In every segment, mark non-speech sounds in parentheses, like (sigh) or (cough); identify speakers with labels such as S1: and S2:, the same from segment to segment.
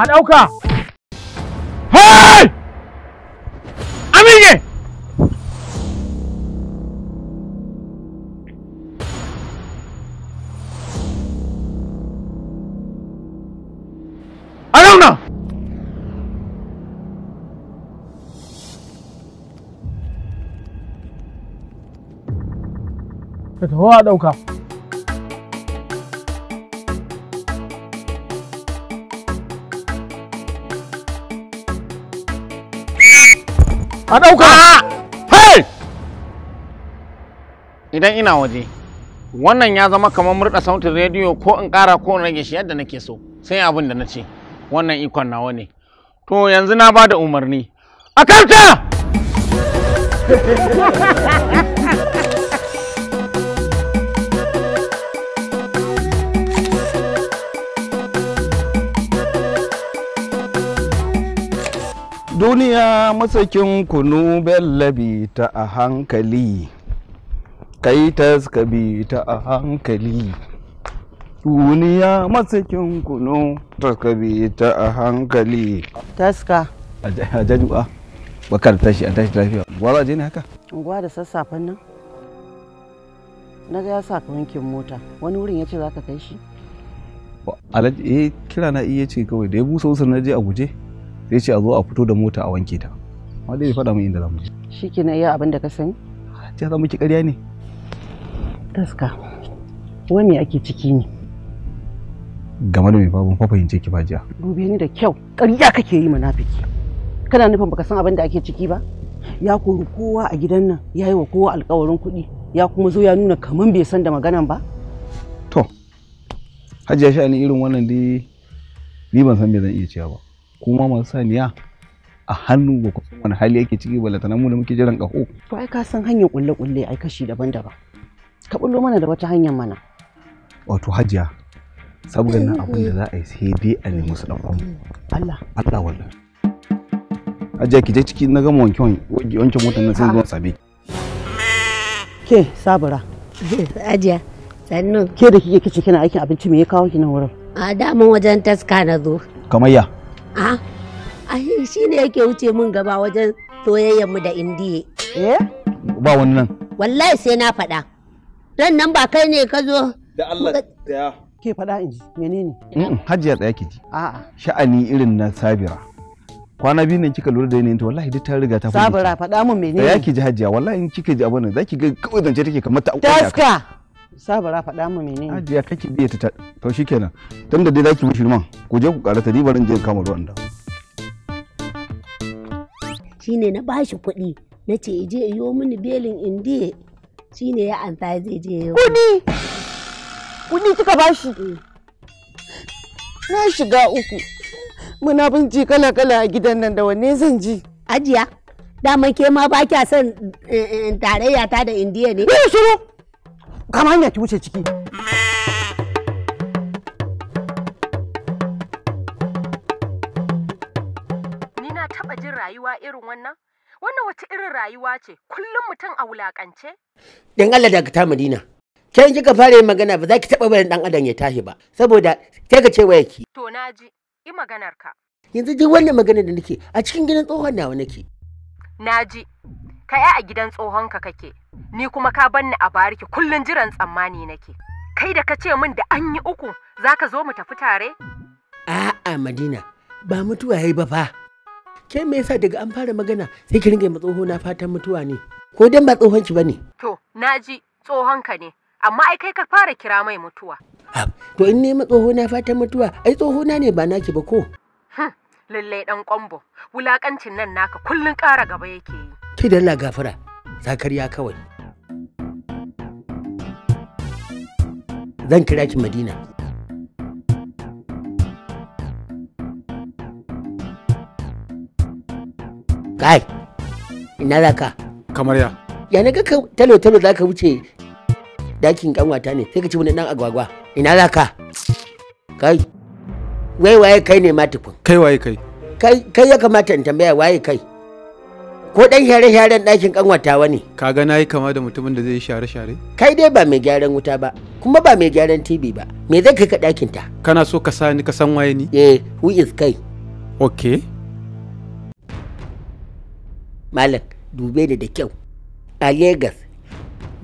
S1: a ɗauka hey aminye
S2: Arauna!
S3: Ka tafi a ɗauka. a ɗauka hey idan ina waje wannan ya zama kamar murɗa sautin rediyo ko in ƙara ko in rage shi yadda nake so sai abin da na ce wannan ikon nawa ne
S4: to yanzu na ba da umarni a (laughs)
S5: duniya masakin kunu bellabi ta a hankali kai taskabi ta a hankali duniya masakin kunu taskabi ta a hankali taska a jajuwa bakar tashi a tashi lafiya gwara je ne haka
S3: gwa da sassafen nan na ga ya sa ka wankin mota wani wurin ya ce za ka kai shi
S5: alaji eh kira na iya ce kawai da ya busa wusa na je a guje sai ce a zo a fito da mota a wanke ta amma dai bai faɗa mun inda za mu je
S2: shikenan iya abin da ka sani ta za ki ƙarya ne taska wai me ake ciki ne
S5: game da mai babu fa fahimce ki jiya
S3: dube ni da kyau ƙarya kake yi munafiki kana nufin baka san abin da ake ciki ba ya kori kowa a gidan nan ya yi wa kowa alkawarin kuɗi ya kuma zo ya nuna kaman bai san da maganan
S5: ba to hajiya sha'ani irin wannan dai ni ban san me zan iya cewa ba kuma masu saniya a hannu ba ku wani hali yake ciki balantana mu da muke jiran ƙaho.
S3: To ai ka san hanyar kulle-kulle ai kashi daban-daban. Ka bullo mana da wata hanyar
S2: mana.
S5: Wato hajiya saboda nan abin da za a yi sai dai a nemi su ɗauko. Allah. Allah wallahi. Hajiya ki je ciki na gama wanke wanke motar nan sai zuwa sabe.
S6: Ke sabura. Hajiya sannu. Ke da kike kici kina aikin abinci me ya kawo ki nan wurin? A daman wajen taska na zo.
S5: Kamar ya. A?
S6: Ai shi ne yake wuce min gaba wajen soyayyenmu da indiye. Eh? Ba wani nan. Wallahi sai na faɗa. Ran nan ba kai ne
S3: ka zo. Da Allah da Ke faɗa in ji menene?
S5: Hajiyar ɗaya ki ji. A'a. Sha'ani irin na Sabira. kwana biyu ne kika lura da yanayin ta wallahi duk ta riga ta fara
S2: sabira faɗa mun menene da yake
S5: ji hajiya wallahi in kika ji abin nan zaki ga kawai zance take kamar ta auka
S2: taska sabara
S3: faɗa mu menene
S5: ajiya kake biye ta to shikenan tunda dai zaki mishi man ku je ku karata ni barin je kama ruwan da
S6: shine na bashi kuɗi na ce je yiwo mini belin indiya shine ya anta zai je yau kuɗi kuɗi kika bashi mm. na shiga uku muna ji kala kala a gidan nan da wanne zan ji ajiya dama ke ma ba kya son eh, eh, tarayya ta da indiya ne shiru
S2: kama hanya ki wuce ciki ni
S6: na taba jin rayuwa irin wannan wannan wata irin rayuwa ce kullum mutum a wulakance
S3: dan Allah daga ta Madina can kika fara magana ba za ki taba barin dan adam ya tahi ba saboda ke ka ce waya ki
S6: to naji yi maganar ka
S3: yanzu duk wannan magana da nake a cikin gidan tsohon nawa nake
S6: na ji. Kaya a gidan tsohonka kake, ni kuma ka banni a bariki kullun jiran tsammani nake. Kai da ka ce min da an yi uku za ka zo mu tafi tare?
S3: A'a Madina, ba mutuwa ya ba fa. Ke me yasa daga an fara magana sai ki ringa tsoho na fatan mutuwa ne? Ko dan ba tsohon ki bane?
S6: To, naji tsohonka ne, amma ai kai ka fara kira mai mutuwa.
S3: To in ne tsoho na fatan mutuwa, ai tsoho na ne ba naki ba ko?
S6: Hm, lallai dan kwambo, wulakancin nan naka kullun ƙara gaba yake yi.
S3: kai da Allah gafara zakariya kawai zan kira ki madina kai ina za ka kamar ya ya na ga talo-talo za ka wuce dakin kanwata ne sai ka ci wani dan agwagwa ina za ka kai wai waye kai ne matukun? kai waye kai kai ya kamata in tambaya waye kai ko dan share-sharen ɗakin kanwatawa ne kaga nayi kama da mutumin da zai yi share-share kai dai ba mai gyaran wuta ba kuma ba mai gyaran tv ba me zai kai ka ɗakin ta kana so ka sani ka san waye ni eh who is kai okay malam dube da kyau a lagos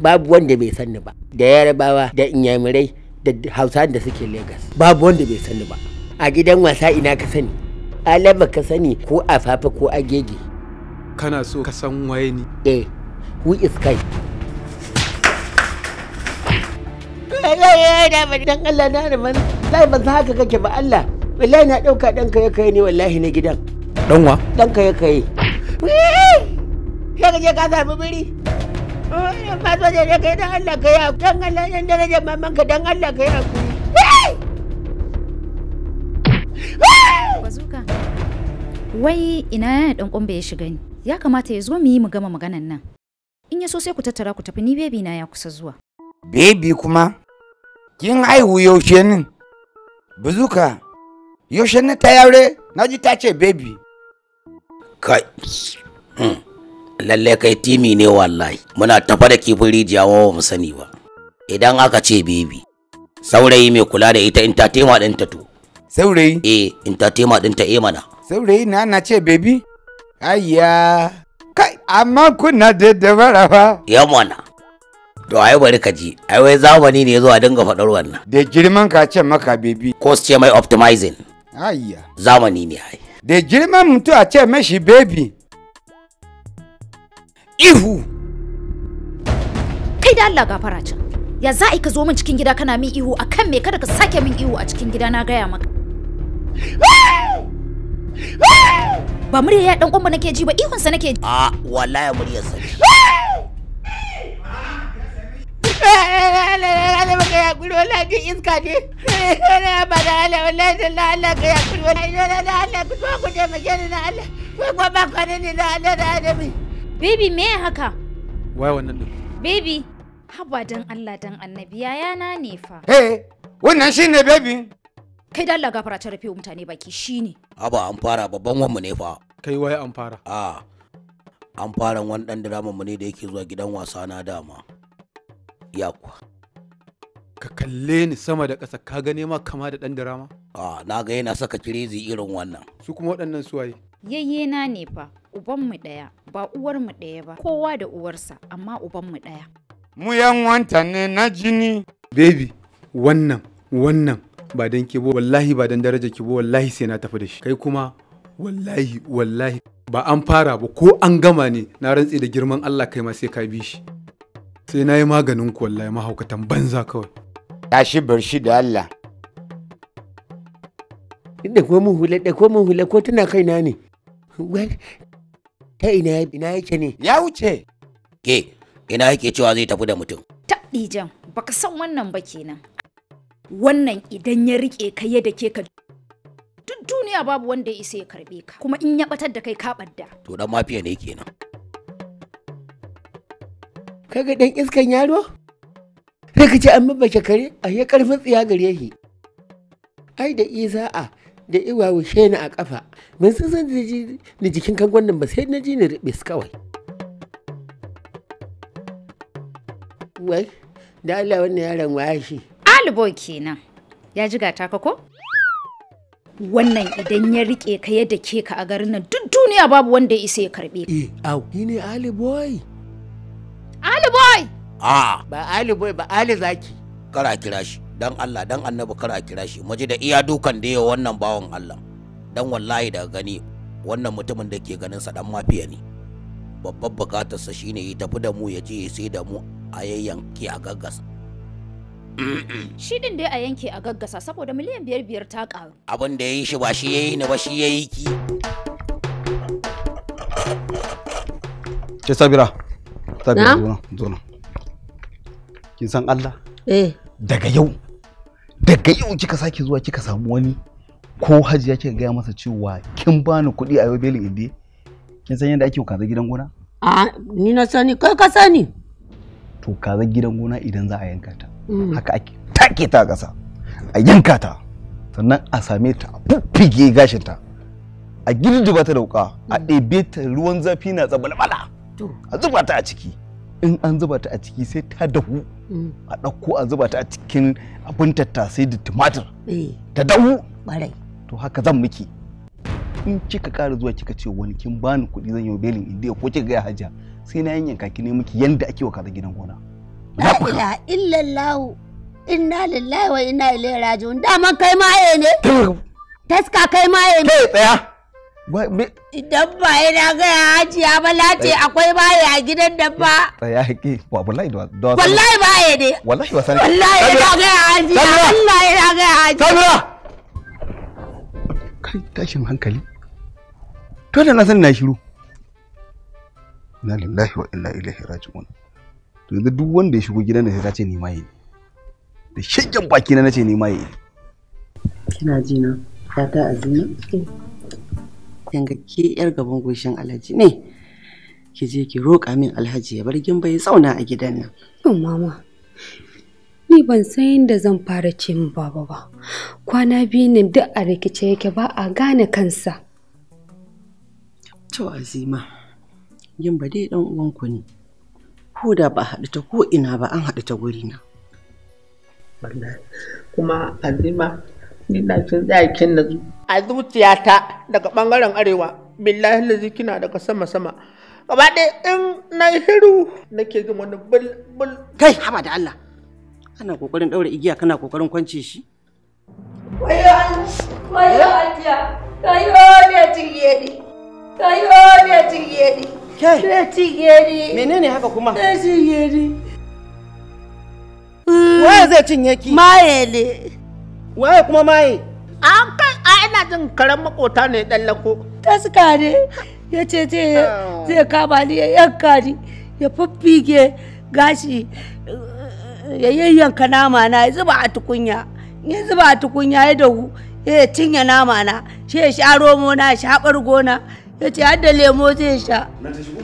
S3: babu wanda bai sani ba da yarabawa da inyamurai da hausa da suke lagos. babu wanda bai sani ba a gidan wasa ina ka sani alaba ka sani ko a fafa ko a gege
S7: kana so ka san waye ni eh
S3: who is kai dan Allah na da man sai ba haka kake ba Allah wallahi na dauka dan ka ya kai ne wallahi na gidan dan wa dan ka ya kai sai ka je ka zabi biri ba so je kai dan Allah ka ya dan Allah dan darajar
S1: mamman ka dan Allah ka ya bazuka wai ina dan kumbe ya shiga ni ya kamata ya zo mu yi mu gama maganan nan in ya so sai ku tattara ku tafi ni baby na ya kusa zuwa
S3: Baby kuma kin haihu yaushe nin buzuka yaushe ne ta yaure na ji ta ce baby. kai hmm, lalle kai timi ne wallahi muna tafa da kifin rijiya wa mu sani ba idan aka ce baby. saurayi mai kula da ita in ta entertainment ɗinta to saurayi eh in ta entertainment ɗinta eh mana
S7: saurayi na na ce baby. Ayya. Kai, amma kuna daddabara fa.
S3: Yamwana. To ai bari ka ji, ai wai zamani ne zuwa dinga faɗar wannan. Da girman ka ce maka bebi. Ko su ce mai optimizing.
S7: Ayya. Zamani ne ai. Da girman mutu a ce mashi bebi.
S1: Ihu. Kai da Allah gafara can. Ya za a ka zo min cikin gida kana min ihu akan me kada ka sake min ihu a cikin gida na gaya maka. ba murya ya dan umma nake ji ba ihun sa nake ji a wallahi murya sa ko
S3: ka
S1: baby me haka wai wannan din baby haba dan Allah dan annabi yayana ne fa
S3: eh wannan shine baby
S1: kai da Allah gafara ta rufe mutane baki shine
S3: Haba an fara babban wanmu ne fa kai waye an fara a an fara wani dan drama mu ne da yake zuwa gidan wasa na dama ya kuwa
S7: ka kalle ni sama da ƙasa ka gane ma kama da dan drama a na ga yana saka kirezi irin wannan su kuma waɗannan suwaye
S1: yayye na ne fa ubanmu ɗaya ba uwar mu ɗaya ba kowa da uwarsa amma ubanmu ɗaya
S7: mu yan wanta ne na jini baby wannan wannan ba dan kibo wallahi ba dan daraja kibo wallahi sai na tafi da shi kai kuma wallahi wallahi ba an fara ba ko an gama ne na rantse da girman Allah kai ma sai ka bi shi sai na yi maganin ku wallahi mahaukatan banza kawai tashi bar shi da Allah
S3: da ko mun hula da ko mun hula ko tana kaina ne ta ina ina yake ne ya wuce ke ina yake cewa zai tafi da mutum
S1: ta dijan baka san wannan ba kenan wannan idan ya rike ka yadda ke ka duk duniya babu wanda ya isa ya karbe ka kuma in ya batar da kai ka badda
S3: to dan mafiya ne kenan
S1: kaga dan iskan yaro
S3: sai ka an mabba kare a ya karfin tsiya gare shi ai da isa'a da wushe shena a kafa ban san san da jikin kangon nan ba sai na ji ni ribis kawai wai da Allah wannan yaron waye shi
S1: Aliboy kenan ya ji ta ko wannan idan ya rike ka yadda ke ka a garin nan duk duniya babu wanda ya isa ya karbe ka. Eh, au, ni ne Ali Boy. Ali Boy! Ah. Ba Ali Boy ba Ali Zaki.
S3: Kara kira shi, dan Allah, dan Annabi kara kira shi. Mu ji da iya dukan da ya wannan bawan Allah. Dan wallahi daga gani wannan mutumin da ke ganin sa dan mafiya ne. Babbar bukatarsa shine ya tafi da mu ya je ya sai da mu a yayyanki a gaggasa.
S1: Shi din dai a yanke a gaggasa saboda miliyan biyar biyar ta karu
S3: Abin da ya yi shi ba shi ya yi ni ba shi ya yi ki.
S5: ce Sabira, Sabira zo nan, zo nan. Kin san Allah? Eh. Daga yau, daga yau kika sake zuwa kika samu wani ko hajiya kika gaya masa cewa kin bani kuɗi a yau belin inde? Kin san yadda ake kaza gidan gona?
S6: A ni na sani, kai ka sani.
S5: To kaza gidan gona idan za a yanka ta. Mm. haka ake take ta ƙasa a yanka ta sannan a same ta a fuffige gashin ta a girgiba ta da wuka a mm. ɗebe ta ruwan zafi na tsabalbala a zuba ta a ciki in an zuba ta a ciki sai ta dahu mm. a ɗauko a zuba ta a cikin abin tattasai da tumatir eh. ta dahu to haka zan miki in kika ƙara zuwa kika ce wani kin bani kuɗi zan yi belin indiya ko kika ga hajiya sai na yanka ki ne miki yanda ake wa kaza gidan gona
S6: la ilaha illallah inna lillahi wa inna ilaihi raji'un daman kai ne taska kai ne tsaya idan yana gaya ce akwai baya a gidan da ba
S5: tsaya ba ne wallahi yana
S1: gaya
S6: haji.
S5: tashin hankali to na san na shiru inna lillahi wa inna ilaihi raji'un to yanzu duk wanda ya shigo gidan da sai ta ce ni ma yi da shakken baki na nace ni ma yi
S2: kina ji na ya ta azumi eh. yanga ke yar gaban goshin alhaji ne ki je ki roƙa
S3: min alhaji ya bar gin ya tsauna a gidan nan
S6: in oh, mama ni ban san yadda zan fara ce min baba ba kwana biyu ne duk a rikice yake ba a gane
S2: kansa to azima ba dai dan uwanku ne ko da ba haɗu ta ko ina ba an haɗu ta guri na
S3: kuma azima ni na cin tsaya na zu. a zuciyata daga bangaren arewa billahi lazi kina daga sama sama gaba ɗaya in
S8: na yi hiru nake jin wani bul bul kai haba da Allah
S3: ana kokarin ɗaura igiya kana kokarin kwance shi
S8: wayo an
S6: wayo an kayo ne tirye ne kayo ne
S3: ne Ke? Ke cigeri. Menene haka kuma? Ke cigeri. Waye zai cinye ki? Maye ne. Waye kuma maye? An kan a ina jin karen
S6: makota ne dan lako. Taska ne. Ya ce ah. zai kama ni ya yanka ni ya fiffige gashi ya yayyanka nama na ya zuba a tukunya. Ya zuba a tukunya ya dahu ya cinye nama na. Shi ya sha romo na, sha gona. ya ce har da lemo zai sha
S5: na ta shigo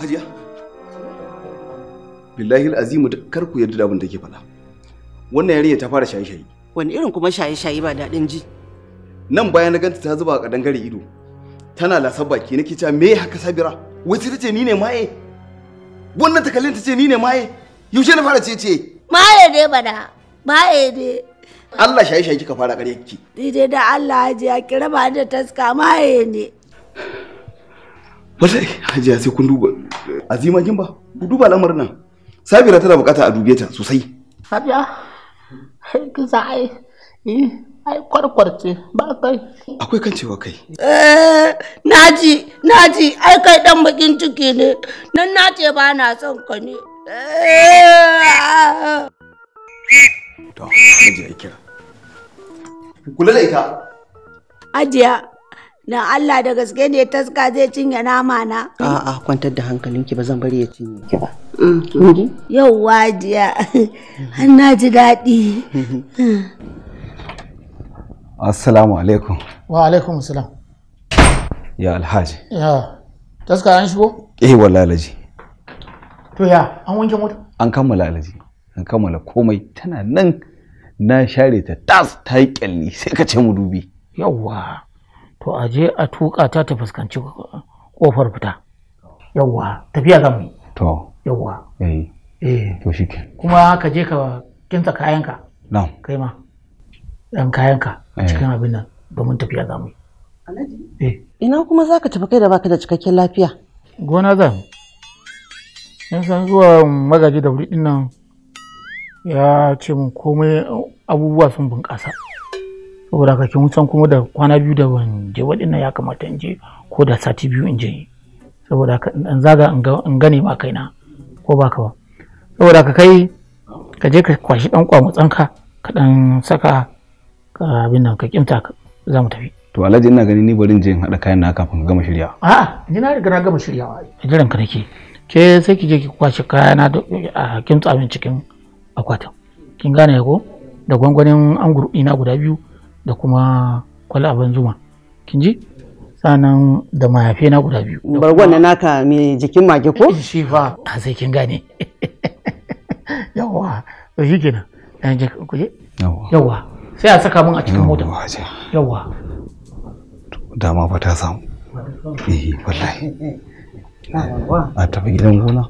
S5: hajiya billahi azimu kar ku yarda da abin da ke faɗa wannan yarinya ta fara shaye-shaye wani irin kuma shaye-shaye ba daɗin ji nan bayan na ganta ta zuba a kadangare ido tana lasar baki nake cewa me haka sabira Wace ta ce ni ne maye wannan ta kallon ta ce ni ne maye yaushe na fara ce ce
S6: maye dai bada maye dai
S5: Allah shaye shaye kika fara gare ki
S6: ni dai da Allah ya kira ba da taska maye ne
S5: wallahi ya sai kun duba azima kin ba ku duba lamarin nan sabira tana bukata a dubeta ta sosai
S3: hajiya kin sa ai eh, ai kwarkwarce
S5: ba kai akwai kan cewa kai
S6: eh naji naji ai kai dan bakin ciki ne nan nace ba na son ka ne eh.
S5: To, ajiya kira. Kula da ita.
S6: Ajiya, na Allah da gaske ne taska zai cinye nama na.
S3: A'a kwantar da hankalinki ba zan bari ya cinye ki ba. Mm.
S6: Yau wajiya,
S3: an na ji daɗi.
S5: Assalamu alaikum.
S3: Wa alaikum salam. Ya alhaji. Ya,
S5: taska an shigo? Eh wallahi alhaji. To ya, an wanke mota? An kammala alhaji. an kammala komai tana nan na share ta tas ta yi kyalli sai ka ce mu dubi yawwa
S3: to a je a tuka ta ta fuskanci kofar fita yawwa tafiya ga mu to yawwa
S5: eh eh to shike
S3: kuma ka je ka kinsa kayanka na'am kai ma dan kayanka a eh. cikin abin nan domin tafiya ga mu eh ina kuma zaka tafi kai da baka da cikakken lafiya gona zan in san zuwa magaji da wuri dinnan ya ce min komai abubuwa sun bunƙasa saboda haka kin san kuma da kwana biyu da ban je waɗannan ya kamata in je ko da sati biyu in je saboda haka in zaga in gane ma kaina ko ba ka ba saboda haka kai ka je ka kwashi ɗan kwamutsanka ka ɗan saka abin nan ka kimta za mu tafi
S5: to alhaji ina ganin ni barin je in haɗa kayan na kafin ka gama shirya
S3: a'a ni na riga na gama shiryawa jiran ka nake ke sai ki je ki kwashi kayana a kimta min cikin akwatin kin gane ko da gwangwanin angur ina guda biyu da kuma kwalaban zuma kin ji sanan da mayafe na guda biyu bargon na naka mai jikin mage ko (laughs) shi fa a sai kin gane (laughs) yawa to shi kenan dan je ku je yawa sai a saka mun a cikin mota
S5: yawa dama fa ta samu eh wallahi
S2: (laughs)
S5: a tafi gidan gona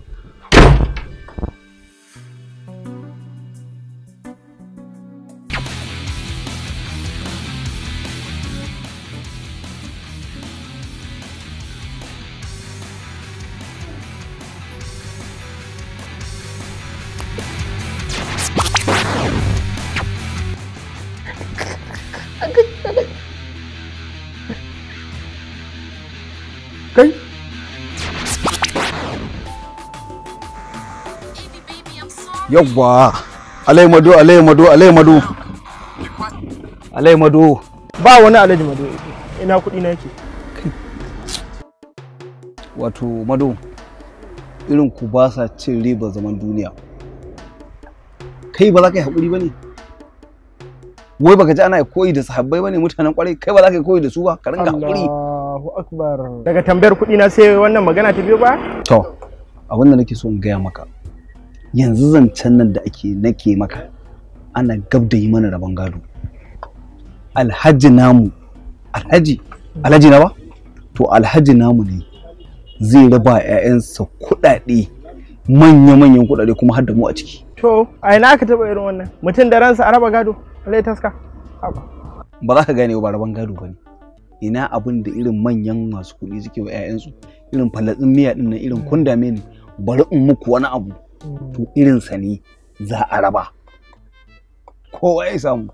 S5: yawwa alai mado alai mado alai mado alai mado
S8: ba wani alaji mado ina kuɗi na yake
S5: wato mado irin ku ba sa cin riba zaman duniya kai ba za ka yi haƙuri ba ne wai baka ji ana koyi da sahabbai bane
S8: mutanen kwarai kai ba za ka yi koyi da su ba ka ringa haƙuri Allahu akbar daga tambayar kuɗi na sai wannan magana ta biyo ba
S5: to abin da nake so in gaya maka yanzu zancen nan da ake nake maka ana gab da yi mana rabon gado alhaji namu alhaji alhaji na ba to alhaji namu ne zai raba 'ya'yansa kuɗaɗe manya-manyan kuɗaɗe kuma har da mu a ciki
S8: to a ina aka taɓa irin wannan mutum da ransa a raba gado lai taska
S5: ba za ka gane ba raban gado ba ne ina abin da irin manyan masu kuɗi suke wa 'ya'yansu irin falatsin miya ɗin nan irin kundame ne bari in muku wani abu Mm. to irinsa ne za a raba kowa ya samu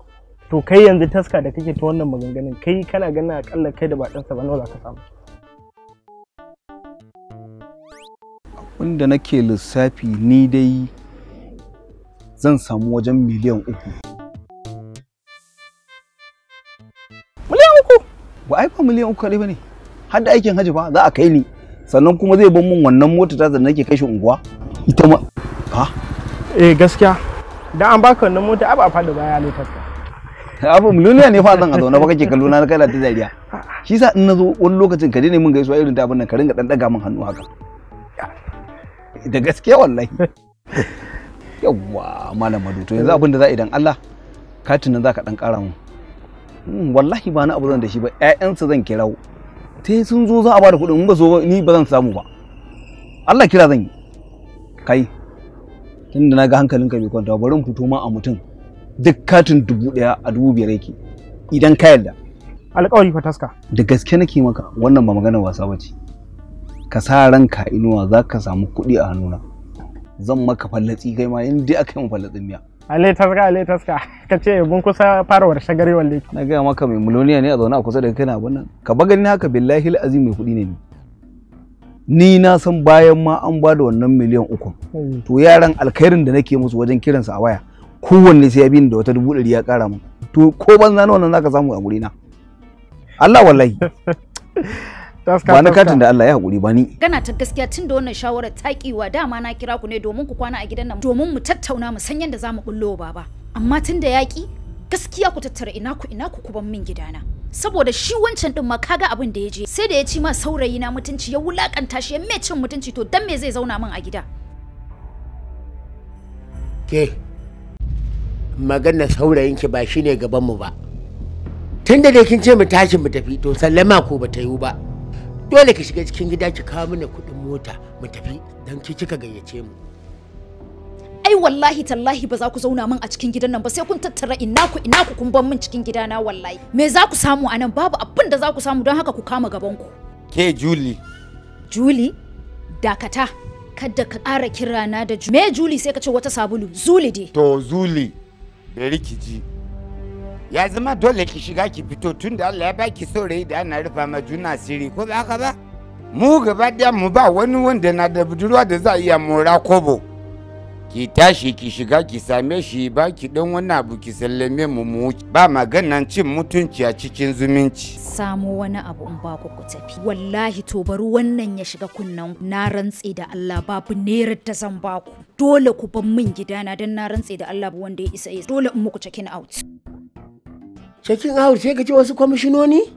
S8: to kai yanzu taska da kake ta wannan maganganun kai kana ganin akalla kai da bakinsa ba nawa za ka samu
S5: abinda nake lissafi ni dai zan samu wajen miliyan uku miliyan uku ba ai ba miliyan uku kaɗai ba ne har da aikin hajji ba za a kai ni sannan kuma zai ban min wannan mota ta da nake kai shi unguwa ita ma eh gaskiya
S8: dan an baka wannan mota abu a faɗi baya lokacin
S5: abu miliyan ne fa zan a zaune ba kake kallo na kai ta dariya shi sa in nazo wani lokacin ka daina min gaisuwa irin ta abin nan ka ringa dan daga min hannu haka da gaskiya wallahi Yawa malam madu to yanzu abin da za idan Allah katin nan zaka dan kara mu hmm, wallahi ba na abu da shi ba ƴaƴansa zan kirawo sai sun zo za a bada kuɗin mun ba zo ni ba zan samu ba Allah kira zan yi kai tunda na ga hankalinka bai kwanta bari mu fito ma a mutum duk katin dubu daya a dubu biyar yake idan ka yarda
S8: alƙawari fa taska
S5: da gaske nake maka wannan ba magana wasa bace ka sa ranka inuwa za ka samu kuɗi a hannuna zan maka fallatsi kai ma in dai aka yi mu fallatsin miya
S8: ale taska ale taska
S5: ka ce mun kusa farawar shagari walle na gaya maka mai miloniya ne a zaune a kusa da kai na abun nan ka bagani haka billahi azim mai kuɗi ne ni ni na san bayan ma an ba da wannan miliyan uku hmm. to yaran alkhairin da nake musu wajen kiransa a waya kowanne sai ya bi da wata dubu ɗari ya kara min to ko ban zana wannan zaka samu a guri na Allah wallahi (laughs) ba na katin da Allah ya haƙuri ba ni
S1: gana ta gaskiya tun da wannan shawarar taƙiwa dama na kira ku ne domin ku kwana a gidan nan domin mu tattauna mu san yadda za mu bullo baba amma tun da yaƙi gaskiya ku tattara ina ku ina ku kuban min gidana saboda shi wancan din ma kaga abin da ya je sai da ya ci ma saurayi na mutunci ya wulakanta shi ya mai cin mutunci to dan me zai zauna min a gida
S3: ke magana saurayinki ba shine gaban mu ba tunda da kin ce mu tashi mu tafi to sallama ko ba ta yiwu ba dole ki shiga cikin gida ki kawo mana kuɗin mota mu tafi don ki kika gayyace mu
S1: ai wallahi tallahi ba za ku zauna min a cikin gidan nan ba sai kun tattara ina ku ina ku kun ban min cikin gidana wallahi me za ku samu anan babu abin da za ku samu don haka ku kama gaban ku
S7: ke juli
S1: juli dakata kada ka ƙara kira na da me juli sai ka ce wata sabulu zuli dai
S7: to zuli bari ki ji ya zama dole ki shiga ki fito
S3: tun da Allah ya baki saurayi da ana rufa ma juna sirri ko ba haka ba mu gaba da mu
S7: ba wani wanda na da budurwa da za a iya mora kobo
S3: ki tashi ki shiga ki same shi ba ki dan wani abu ki sallame mu mu ba maganan cin mutunci a
S4: cikin zumunci
S1: samu wani abu in ba ku tafi wallahi to bari wannan ya shiga kunnan na rantse da Allah babu nerar da zan ba ku dole ku ban min gidana dan na rantse da Allah wanda ya isa dole in muku check out
S3: check out sai ka ce wasu kwamishinoni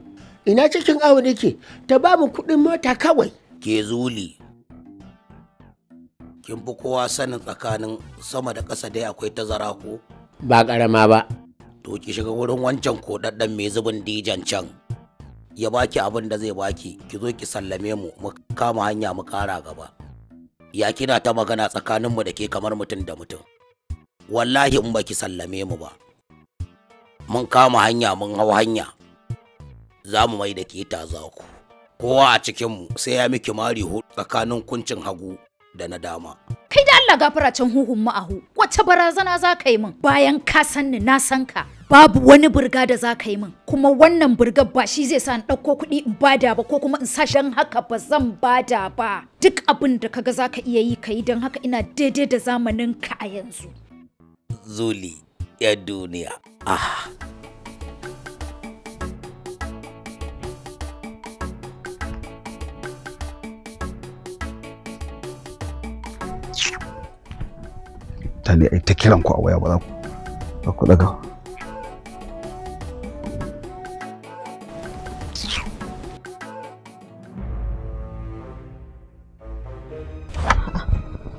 S3: ina cikin out yake ta babu mu kuɗin mota kawai ke zuli kin fi kowa sanin tsakanin sama da ƙasa dai akwai tazara ko ba ƙarama ba to ki shiga wurin wancan koɗaɗɗen mai zubin dijan can ya baki abin da zai baki ki zo ki sallame mu mu kama hanya mu kara gaba ya kina ta magana tsakanin mu da ke kamar mutum da mutum wallahi in baki sallame mu ba mun kama hanya mun hau hanya za mu mai da ke ta zaku kowa a cikin mu sai ya miki mari hudu tsakanin kuncin hagu da na dama.
S1: Kai da Allah gafara can huhun ma'ahu, wacce barazana za ka yi min? Bayan ka san ni na san ka, babu wani burga da za ka yi min, kuma wannan burgar ba shi zai sa ni ɗauko kuɗi in bada ba ko kuma in sa shan haka ba zan bada ba. Duk abin da kaga za ka iya yi ka yi don haka ina daidai da zamanin ka a yanzu.
S3: Zuli, ya duniya. Ah,
S5: tani ai ta kiran ku a waya ba za ku daga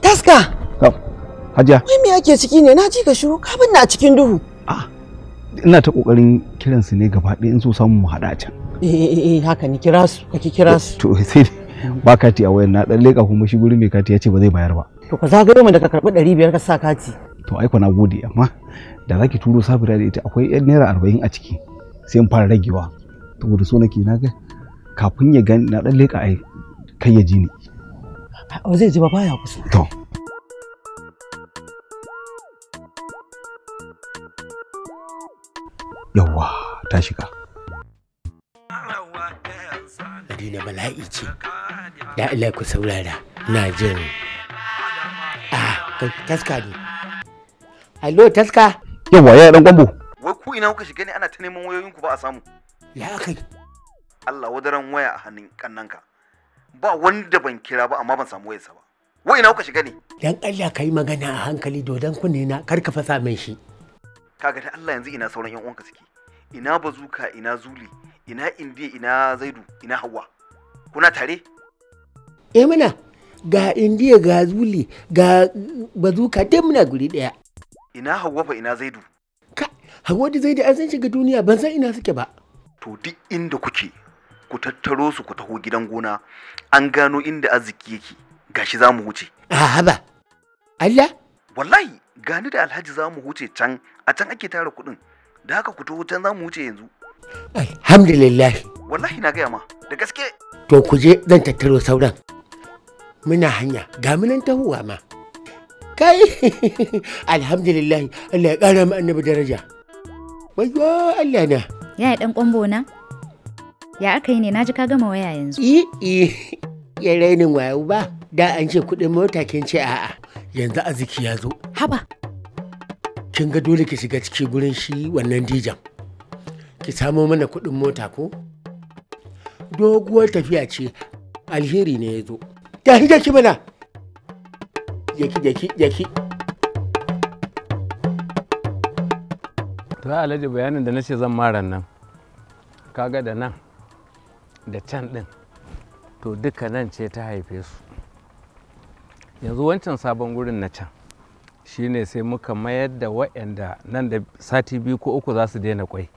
S5: taska hajiya
S2: wai me ake ciki ne na ji ka shiru ka binne a cikin duhu
S5: ina ta kokarin kiran su ne gaba ɗaya in so samu mu haɗa can
S3: eh eh, eh eh haka ni kira su kake kira su
S5: to (laughs) sai ba kati a wayar na dan leka kuma shi guri mai kati ya ce ba zai bayar ba
S3: to ka zagayo da ka karɓi ɗari biyar ka sa kati
S5: to aiko na gode amma da zaki turo sabira da ita akwai yan naira arba'in a ciki sai in fara ragewa to saboda so nake na ga kafin ya gani na ɗan leƙa ai kai ya ji ni
S2: ba zai ji ba baya kusa to
S5: yawwa ta shiga
S3: Madina bala'i ce da Allah ku saurara na jin
S5: taska ne hallo taska
S3: yawa ya dan gombo
S5: wai ku ina kuka shiga ne ana ta neman wayoyinku ba a samu ya kai Allah wadaran waya a hannun kannanka ba wanda ban kira ba amma ban samu wayarsa ba wai ina kuka shiga ne
S3: dan Allah kai magana a hankali dodon kunne na kar ka fasa min shi
S5: kaga da Allah yanzu ina sauran yan uwanka suke ina bazuka ina zuli ina indiya ina zaidu ina hawa kuna tare
S3: eh muna ga indiya ga zuli ga bazuka dai muna guri daya
S5: ina hauwa ba ina zaidu ka
S3: hauwa da zaidu an san shiga duniya ban san ina suke ba
S5: to duk inda kuke ku tattaro su ku taho gidan gona an gano inda arziki yake gashi za mu wuce a ba Allah wallahi gani da alhaji za mu huce can a can ake tara kuɗin da haka ku taho can za mu huce yanzu
S3: alhamdulillah
S5: wallahi na gaya ma da gaske
S3: to ku je zan tattaro sauran muna hanya ga munan tahowa ma kai (laughs) alhamdulillah
S1: Allah ya ƙara mu annabi daraja wayo Allah na ya dan kwambo na ya aka yi ne naji ka gama waya yanzu i i ya rainin
S3: wayo ba da an ce kuɗin mota kin ce a'a yanzu aziki ya zo haba kin ga dole ki shiga ciki gurin shi wannan dijan ki samo mana kudin mota ko doguwar tafiya ce alheri ne ya zo tafi da mana jaki jaki jaki
S4: to alhaji bayanin da na ce zan mara nan kaga da nan da can din to duka nan ce ta haife su yanzu wancan sabon gurin na can shi ne sai muka mayar da wa'anda nan da sati biyu ko uku za su daina kwai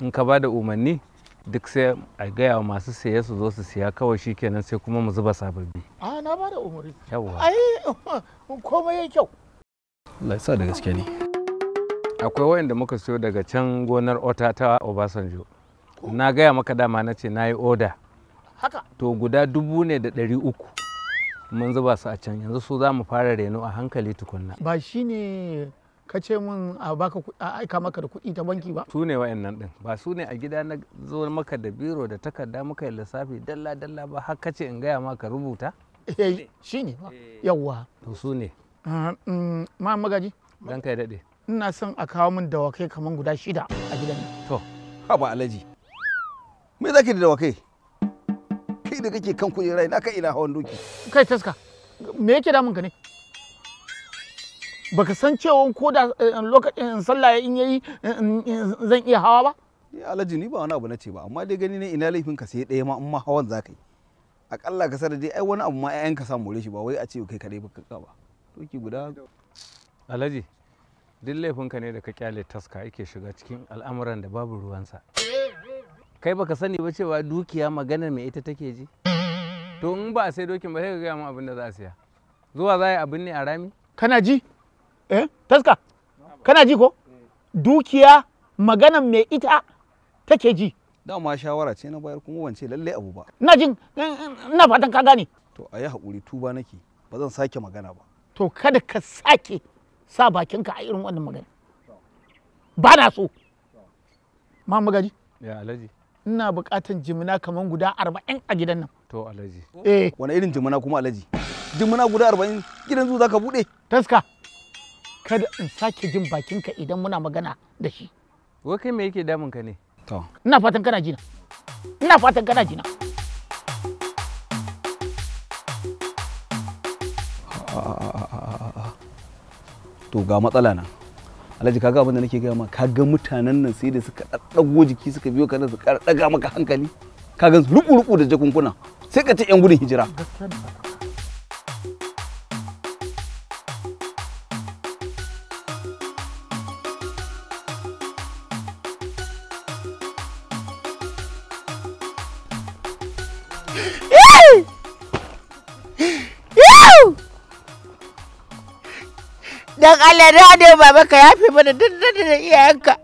S4: in ka ba da umarni duk sai a gaya wa masu siya su zo su siya kawai shi kenan sai kuma mu zuba sababbi
S3: a na ba da umuri ai (laughs) komai ya kyau
S4: Allah da gaske ne akwai wayanda muka siyo daga can gonar ota ta Obasanjo na gaya maka dama na ce na yi oda haka to guda dubu ne da ɗari uku mun zuba su a can yanzu su za mu fara reno a hankali tukunna
S3: ba shine ka ce min a baka a aika maka da kuɗi ta banki ba
S4: su ne wayannan din ba su ne a gida na zo maka da biro da takarda muka yi lissafi dalla dalla ba har ka ce in gaya maka rubuta eh shine yawwa to su ne ah, mm, ma magaji dan kai dade
S3: ina son a kawo min dawakai kaman guda shida a gidan
S4: to ha ba alaji
S5: me zaki da dawakai kai da kake kan rai na ka ina hawan doki
S3: kai taska me yake damun ka ne
S5: baka san cewa ko
S3: da eh, lokacin sallah in yayi eh, eh, zan iya hawa ba
S5: ya alhaji ni ba wani abu na ce ba amma dai gani ne ina laifin ka sai ɗaya ma in ma hawan za ka yi akalla ka sanar dai ai wani abu ma
S4: ƴaƴan ka samu shi ba wai a ce kai kadai baka ka ba ki guda alhaji duk laifin ka ne da ka kyale taska yake shiga cikin al'amuran da babu ruwansa kai baka sani ba cewa dukiya maganar mai ita take ji to in ba a sai dokin ba sai ka gaya mu abin da za a siya zuwa za a yi abin ne a rami kana ji eh taska
S3: kana ji ko dukiya maganan mai ita take ji
S5: dama shawara ce na bayar kuma wance lalle abu ba
S3: ina jin ina
S5: fatan ka gane to a yi haƙuri tuba nake ba zan sake magana ba
S3: to kada ka sake sa bakinka a irin wannan magana ba na so ma magaji ya alhaji. ina buƙatar jimina kamar guda arba'in a gidan nan
S4: to alhaji. eh
S5: wani irin jimina kuma alaji jimina guda arba'in gidan zu zaka buɗe taska kada in sake
S3: jin bakinka idan muna magana da shi
S4: wai kai me yake damun ka ne to
S3: ina fatan kana jina ina fatan kana jina
S5: to ga matsala na alhaji kaga abin da nake gaya ma ka mutanen nan sai da suka ɗaɗɗago jiki suka biyo ka su ƙara ɗaga maka hankali kaga rubu rubu da jakunkuna sai ka ce 'yan gudun hijira
S3: don Allah da dai baba ka yafe mana duk da iyayenka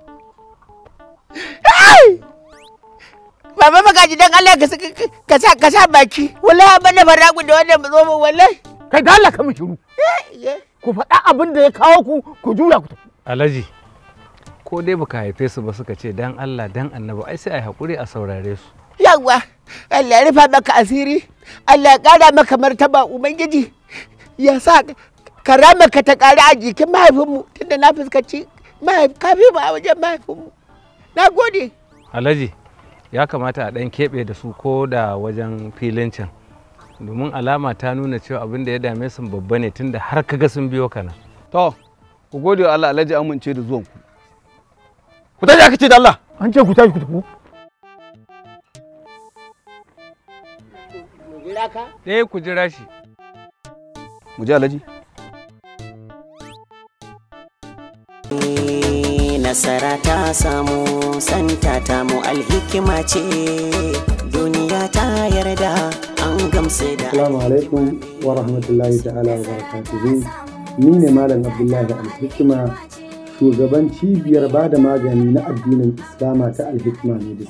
S3: baba ji don Allah ka sa ka sa baki wallahi ban da fara da wannan zomo wala? kai da Allah ka mu shiru eh, eh. ku faɗa abin da ya kawo ku ku juya ku
S4: Alhaji, ko dai baka haife su ba suka ce dan Allah dan annabi ai sai ai hakuri a saurare su
S3: yawa Allah ya rufa maka asiri Allah ya ƙara maka martaba ubangiji ya sa karama ka ta ƙari a jikin mahaifinmu tunda na fuskaci kafi ba a wajen mahaifinmu na gode
S4: alhaji ya kamata a ɗan keɓe da su ko da wajen filin can domin alama ta nuna cewa abin da ya dame sun babba ne tunda har ka ga sun biyo kana to ku gode wa Allah
S5: alhaji amince da zuwanku
S4: ku tashi aka ce da Allah an ce ku tashi ku tafi Eh ku jira shi.
S5: Mu je Alhaji.
S3: nasara ta samu santa ta mu alhikima ce duniya ta yarda an gamsu
S7: da Assalamu alaikum wa rahmatullahi ta'ala wa barakatuhu ni ne malam Abdullahi alhikima shugaban cibiyar ba da magani na addinin Islama ta alhikima ne da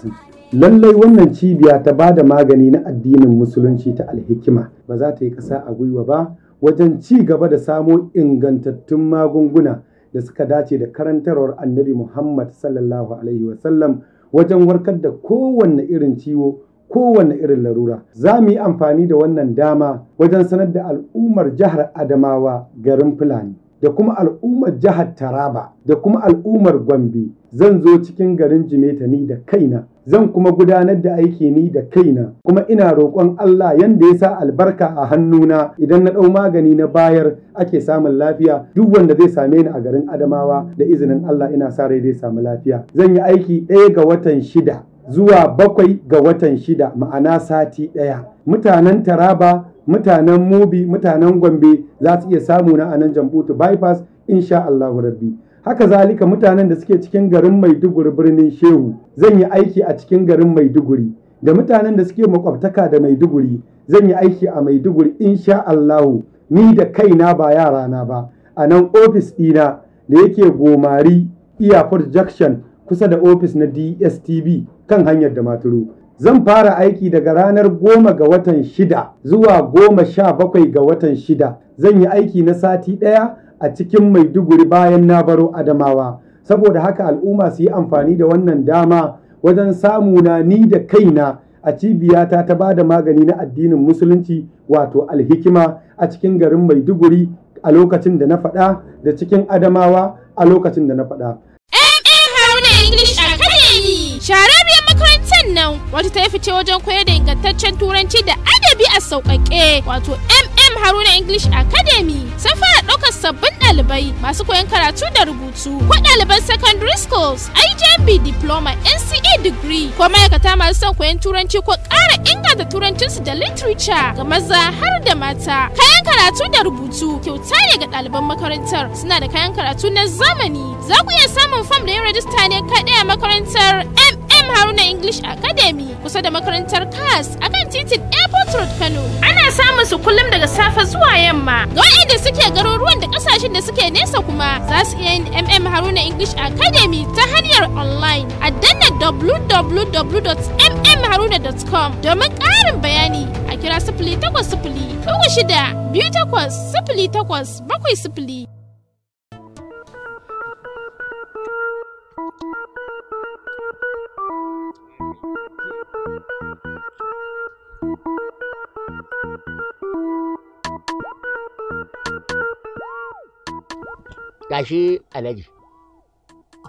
S7: lallai wannan cibiya ta ba da magani na addinin musulunci ta alhikima ba za ta yi kasa a gwiwa ba wajen ci gaba da samo ingantattun magunguna da suka dace da karantarwar annabi Muhammad sallallahu Alaihi wasallam wajen warkar da kowanne irin ciwo kowanne irin larura. Za mu yi amfani da wannan dama wajen sanar da al'ummar jihar Adamawa garin Fulani da kuma al'ummar jihar Taraba da kuma al'ummar Gombe zan zo cikin garin ni da kaina zan kuma gudanar da aiki ni da kaina kuma ina roƙon Allah yanda ya sa albarka a hannuna idan na ɗau magani na bayar ake samun lafiya duk wanda zai same ni a garin Adamawa da izinin Allah ina sa rai zai samu lafiya zan yi aiki ɗaya ga watan shida zuwa bakwai ga watan shida ma'ana sati ɗaya mutanen Taraba mutanen Mubi mutanen Gombe za su iya samu na anan Jambutu bypass insha Allahu rabbi haka zalika mutanen da suke cikin garin maiduguri birnin shehu zan yi aiki a cikin garin maiduguri da mutanen da suke makwabtaka da maiduguri zan yi aiki a maiduguri insha allahu ni da kaina ba yarana ba a nan ofis ɗina da yake gomari iya junction kusa da ofis na dstv kan hanyar da maturu zan fara aiki daga ranar goma ga watan shida zuwa goma sha bakwai ga watan shida zan yi aiki na sati ɗaya a cikin maiduguri bayan na baro adamawa saboda haka al'umma su yi amfani da wannan dama wajen samu na ni da kaina a cibiyata ta ba da magani na addinin musulunci wato alhikima a cikin garin maiduguri a lokacin da na faɗa da cikin adamawa a lokacin da na faɗa.
S1: Sharabiyar makarantar nan wata ta fice wajen koyar da ingantaccen turanci da adabi a sauƙaƙe wato M Maryam Haruna English Academy sun fara ɗaukar sabbin ɗalibai masu koyon karatu da rubutu ko ɗaliban secondary schools, IJB diploma, NCE degree ko ma'aikata masu son koyon turanci ko ƙara inganta turancinsu da literature ga maza har da mata. Kayan karatu da rubutu kyauta ne ga ɗaliban makarantar suna da kayan karatu na zamani. Za ku iya samun fam da yin rajista ne kaɗai a makarantar MM M Haruna English Academy kusa da makarantar CAS a kan titin Airport Road Kano. Ana samun su kullum daga safe zuwa yamma. Ga waɗanda suke garuruwan da ƙasashen da suke nesa kuma za su iya yin MM Haruna English Academy ta hanyar online a danna www.mmharuna.com domin ƙarin bayani a kira sifili takwas sifili, uku shida, biyu takwas, sifili takwas, bakwai sifili.
S3: tashi alaji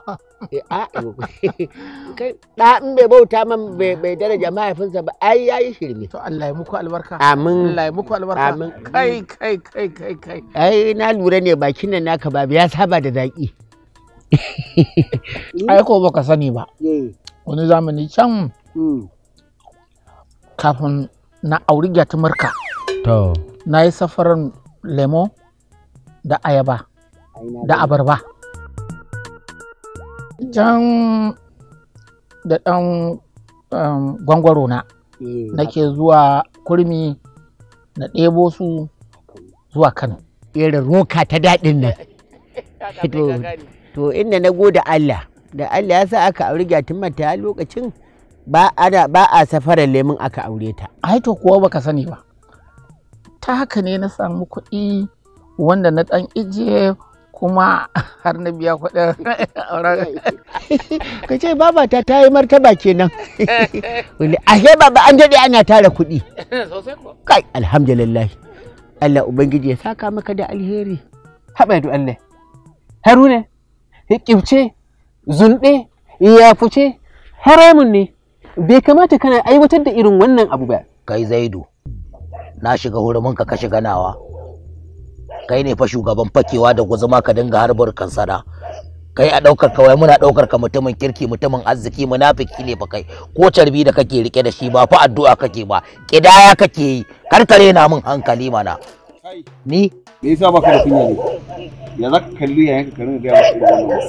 S3: ah, eh, (laughs) kai da in bai bauta man bai daraja mahaifinsa ba ai yayi shirme to Allah ya muku albarka amin Allah ya muku albarka amin kai kai kai kai kai ai na lura ne bakin nan naka babu ya saba da zaki (laughs) ai ko baka sani ba eh. wani zamani can hmm. kafin na auri gyatumurka to na yi safarin lemo da ayaba da abarba can da ɗan um, gwangwaro na eh, nake zuwa kurmi na ɗebo su zuwa kano irin roka ta daɗin nan to inda na gode allah da allah ya sa aka auri gyatumar ta lokacin ba a safarar lemun aka aure ta ai to kuwa baka sani ba ta haka ne na samu kuɗi wanda na ɗan ijiye kuma har na biya kuɗin auren (laughs) ka ce babata ta yi martaba kenan (laughs) wani ashe baba an daɗe ana tara kuɗi (laughs) kai alhamdulillah Allah ubangiji ya saka maka da alheri haɓa yadu Allah haruna
S8: ƙibce zunɗe ya fice haramun ne bai kamata kana aiwatar da irin wannan abu ba kai zaidu na shiga hurumin ka
S3: shiga nawa kai ne fa shugaban fakewa da guzuma ka dinga harbar kansara? kai a ka kawai muna ɗaukar ka mutumin kirki mutumin arziki munafiki ne fa kai ko carbi da kake rike da shi ba fa addu'a kake ba kidaya kake yi karkare na min hankali mana
S5: ni me yasa baka da kunya
S3: ne
S5: ya zaka kalli yayin ka karin ga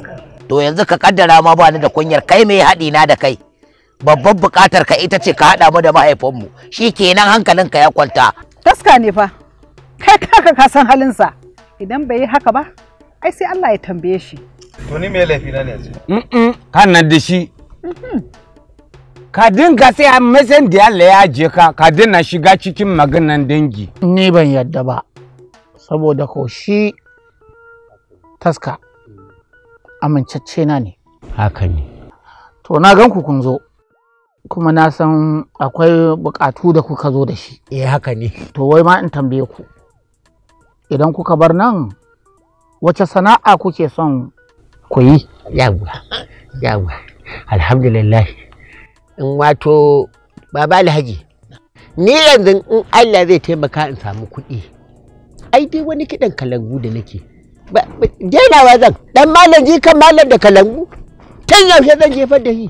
S3: to yanzu ka kaddara ma ba ni da kunyar kai me haɗi na da kai babbar buƙatar
S2: ka ita ce ka haɗa mu da mahaifinmu shikenan hankalinka ya kwanta taska ne fa kai kaka ka san sa idan bai yi haka ba ai sai Allah ya tambaye shi
S5: to ni me laifi na ne yanzu
S4: mm kan nan da shi ka dinga sai a mesen da Allah ya je ka ka dinga shiga cikin maganan dangi ni ban
S3: yadda ba saboda ko shi taska amincacce na ne haka ne to na gan ku kun zo kuma na san akwai bukatu da kuka zo da shi eh haka ne to wai ma in tambaye ku idan kuka bar nan wace sana'a kuke son ku yi yawa yawa alhamdulillah in wato baba alhaji ni yanzu in Allah zai taimaka in samu kuɗi ai dai wani kiɗan kalangu da nake jelawa zan dan malam ji kan malam da kalangu tun yaushe zan jefar da shi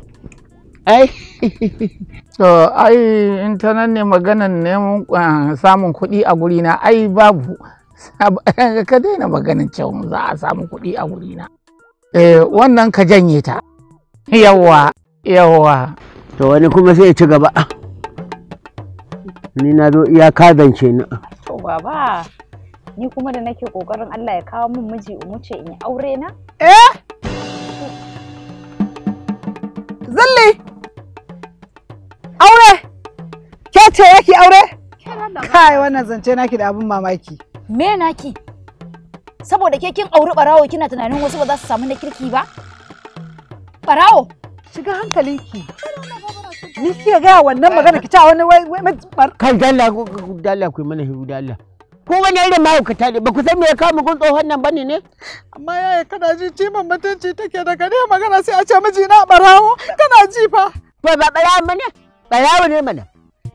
S3: ai (laughs) to ai in ta nan ne maganan neman eh, samun kuɗi a gurina ai babu (laughs) ka daina maganin cewa za a samu kuɗi a wurina eh, wannan ka janye ta yawwa yawwa to wani kuma sai ya ci gaba ni na zo iya kazance ni
S1: to baba ni kuma da nake kokarin Allah ya kawo min miji umuce in yi aure na eh zalli aure ke ce yake aure kai wannan zance naki da abin mamaki me naki saboda ke kin auri barawo kina tunanin wasu ba za su samu na kirki ba barawo shiga hankalinki ni
S3: ki ga wannan magana ki ta wani wai kai dalla dalla ku mana hiru dalla ko wani irin ka ne ba ku san me ya kawo mun tsohon nan bane ne amma yaya kana ji mun mutunci take da ne magana sai a ce miji na barawo kana ji fa to ba barawo ne barawo ne mana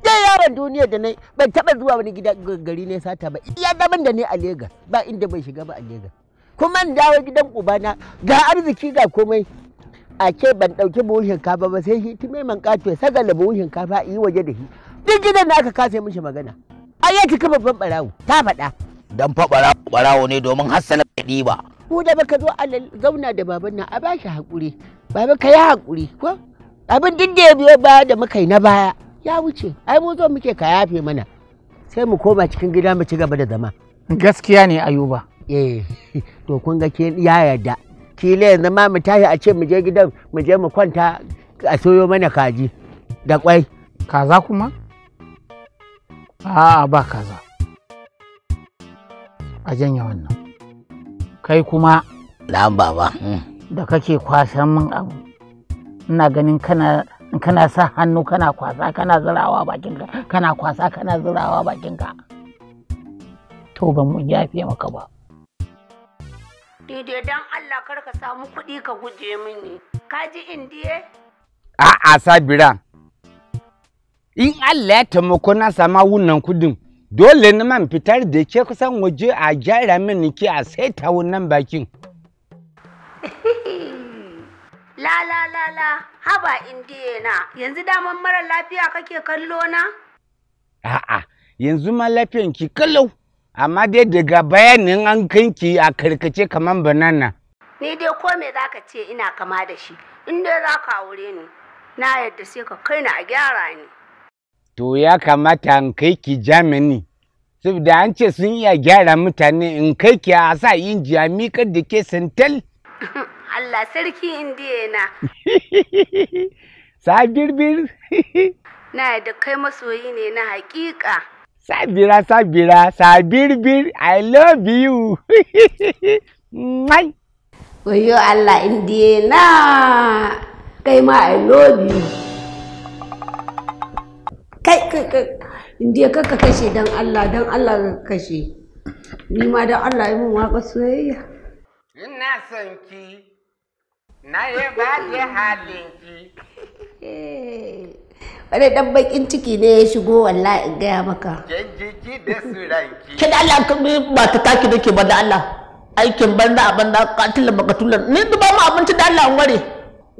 S3: dai yaron duniya da nai ban taba zuwa wani gida gari ne sata ba iya zaman da ne a Legas ba inda bai shiga ba a Legas kuma in dawo gidan ubana ga arziki ga komai a ce ban dauki buhun shinkafa ba sai shi tume man kato sagala buhun a yi waje da shi duk gidan naka ka kasa mishi magana ai ya cika babban barawo ta faɗa dan fa barawo ne domin hassana kadi ba ko da baka zo a zauna da baban nan a bashi hakuri baba ka hakuri ko abin duk da ya biyo baya da muka yi na baya ya wuce ai mu zo muke ka yafe mana sai mu koma cikin gida mu ci gaba da zama gaskiya ne ayuba eh (laughs) to kun ga ke ya yarda kila yanzu ma mu tashi a ce mu je gidan mu je mu kwanta a soyo mana kaji da kwai kaza kuma a'a ba kaza a janya wannan kai kuma lamba ba da kake kwasan min abu ina ganin kana kana sa hannu kana kwasa kana zirawa bakinka kana kwasa kana zirawa bakinka to ban mun yafe maka ba
S6: dai, dan Allah kar ka samu kuɗi ka guje mini ka ji indiye
S3: a'a sabira in Allah ya taimako na sama wannan kudin dole na man fitar da ke kusan waje a gyara mini ke a saita wannan bakin
S6: (laughs) La la la la haba indiyana yanzu daman mara lafiya kake kallo na?
S3: A'a yanzu ma lafiyan ki kallo amma dai daga bayanin an kanki a karkace kamar banana.
S6: Ni dai ko me za ka ce ina kama da shi in dai za ka aure ni na yadda sai ka kai na a gyara ni.
S3: To ya kamata in kai ki Germany saboda an ce sun iya gyara mutane in kai ki a sa injiya miƙar da ke santal.
S6: (laughs) Allah sarki indiyana.
S3: (laughs) Sa girbir. (laughs)
S6: Na da kai masoyi ne na hakika.
S3: Sabira, sabira, sabirbir, I love you. (laughs) Mai. Wayo
S6: Allah indiyana. Kai ma I love you. Kai, kai, kai. Indiya ka kashe don Allah, don Allah ka kashe. Ni ma dan Allah yi mun waƙa soyayya. Ina son ki. na yi ba halin ki. Eh. wani dan ciki ne ya shigo walla in gaya maka jiki
S3: da suranki ke da Allah kan ba ta taki nake ba da Allah aikin banza a banza katilan tula ni
S6: zuba mu abinci da Allah ware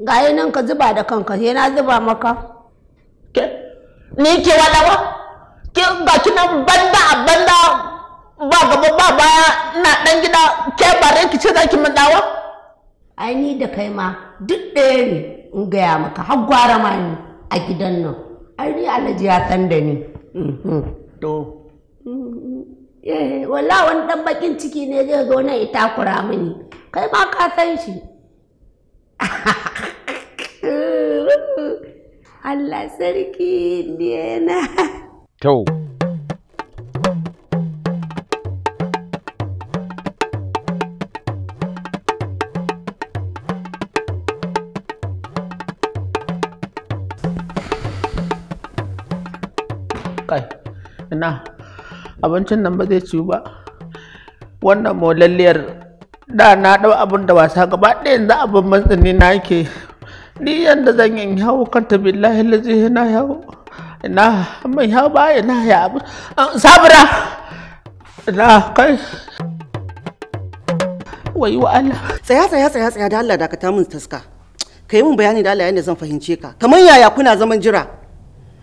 S6: ga yi nan ka zuba da kanka sai na zuba maka
S3: ke ni ke walawa ke ga nan banza a banza ba gaba ba baya ina ɗan gida ke ba ranki ce zaki mun dawa
S6: ai ni da kai ma duk ɗaya ne in gaya maka har gwara ma ni a gidan nan ai ni alhaji ya san da ni mm-hmm. to mm-hmm. eh, walla wani dan bakin ciki ne zai zo na ita kura mini kai ma ka san shi (laughs) Allah sarki ne na
S3: ina abincin nan ba zai ciwu ba wannan molalliyar da na ɗau abin da wasa gaba ɗaya yanzu abin matsini na yake ni yanda zan yi yawo ta billahi lazi na yawo ina mai yawo ba ina ya abu sabira ina kai wai wa Allah tsaya tsaya tsaya tsaya da Allah dakata min taska kai mun bayani da Allah yanda zan fahimce ka kamar yaya kuna zaman jira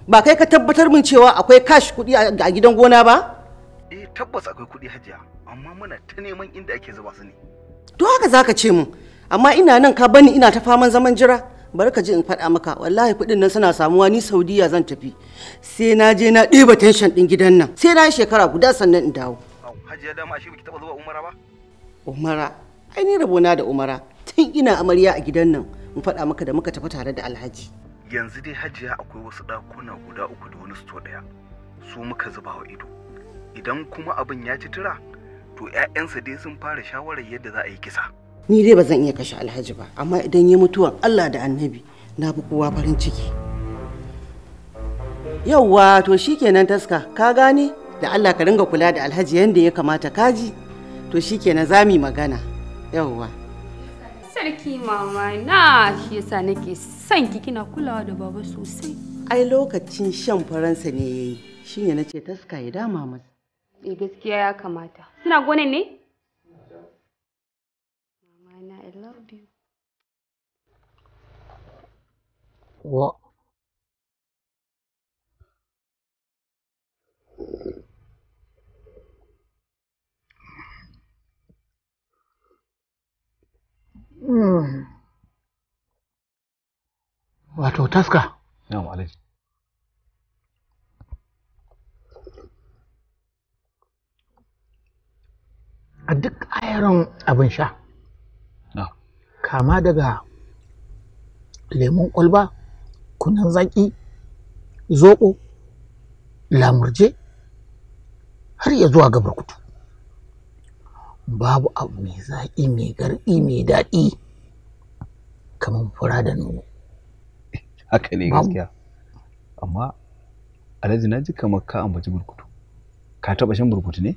S3: ba kai ka tabbatar min cewa akwai cash kuɗi a gidan gona ba?
S5: Eh tabbas akwai kuɗi hajiya amma muna ta neman inda ake zuba su ne.
S3: To haka zaka ce min amma ina nan ka bani ina ta faman zaman jira bari ka ji in faɗa maka wallahi kuɗin nan suna samuwa ni Saudiya zan tafi sai na je na ɗeba tension ɗin gidan nan sai na yi shekara guda sannan in dawo.
S2: Hajiya dama ashe baki taɓa zuwa Umara ba?
S3: Umara ai ni rabona da Umara tun ina amarya a gidan nan in faɗa maka da muka tafi tare da Alhaji.
S5: yanzu dai hajiya akwai wasu ɗakuna guda uku da wani sto ɗaya su muka zuba wa ido idan kuma abin ya ci tura to 'ya'yansa dai sun fara shawarar yadda za a yi kisa
S3: ni dai ba zan iya kashe alhaji ba amma idan ya mutuwan allah da annabi na fi kowa farin ciki yauwa to shikenan taska ka gane da allah ka ringa kula da alhaji yadda ya kamata kaji to shikenan za mu magana yauwa
S6: sarki mama na shi yasa nake son ki kina kulawa da baba sosai
S3: ai lokacin shan faransa ne yayi shine nace taska ya dama masa
S6: eh gaskiya ya kamata suna gona ne mama na i love you
S2: Hmm. Wato
S5: taska. alaji.
S3: A duk ayaran abin sha. Kama daga lemon kwalba, kunan zaki, zoɓo, lamurje, har ya zuwa ga burkutu. babu abu mai zaƙi mai garɗi mai daɗi
S5: kamar fura da nono haka ne gaskiya amma alhaji na ji kamar ka ambaci burkutu ka taɓa shan burkutu ne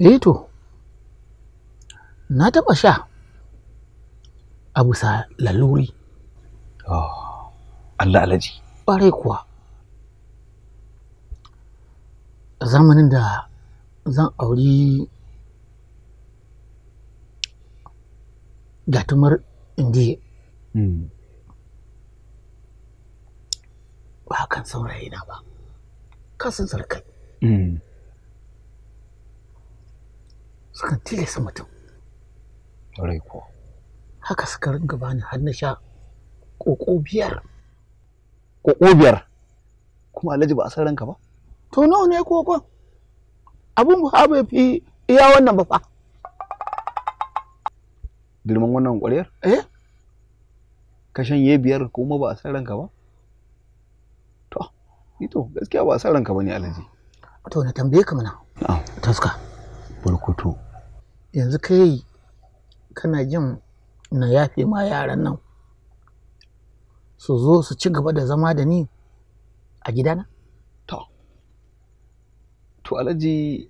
S5: eh to na taɓa sha
S3: Abu sa laluri
S5: oh, Allah alhaji
S3: ƙwarai kuwa zamanin da zan auri gatumar indiya hmm. ba kan saurayi na ba kasan sarkai hmm. sukan tilasta mutum ko haka suka ringa bani har na sha ƙoƙo biyar
S2: ƙoƙo biyar
S5: kuma alhaji ba a san ba
S3: to nawa ne kokon Abin ba bai fi iya wannan ba fa
S5: girman wannan ƙwaryar eh ka shanye biyar kuma ba a san ranka ba to ito gaskiya ba a san ranka ba ne alaji. to na tambaye ka mana taska burkutu
S3: yanzu kai kana jin na yafe ma yaran nan su zo su ci gaba da zama da ni
S7: a gidana?
S5: To, to alaji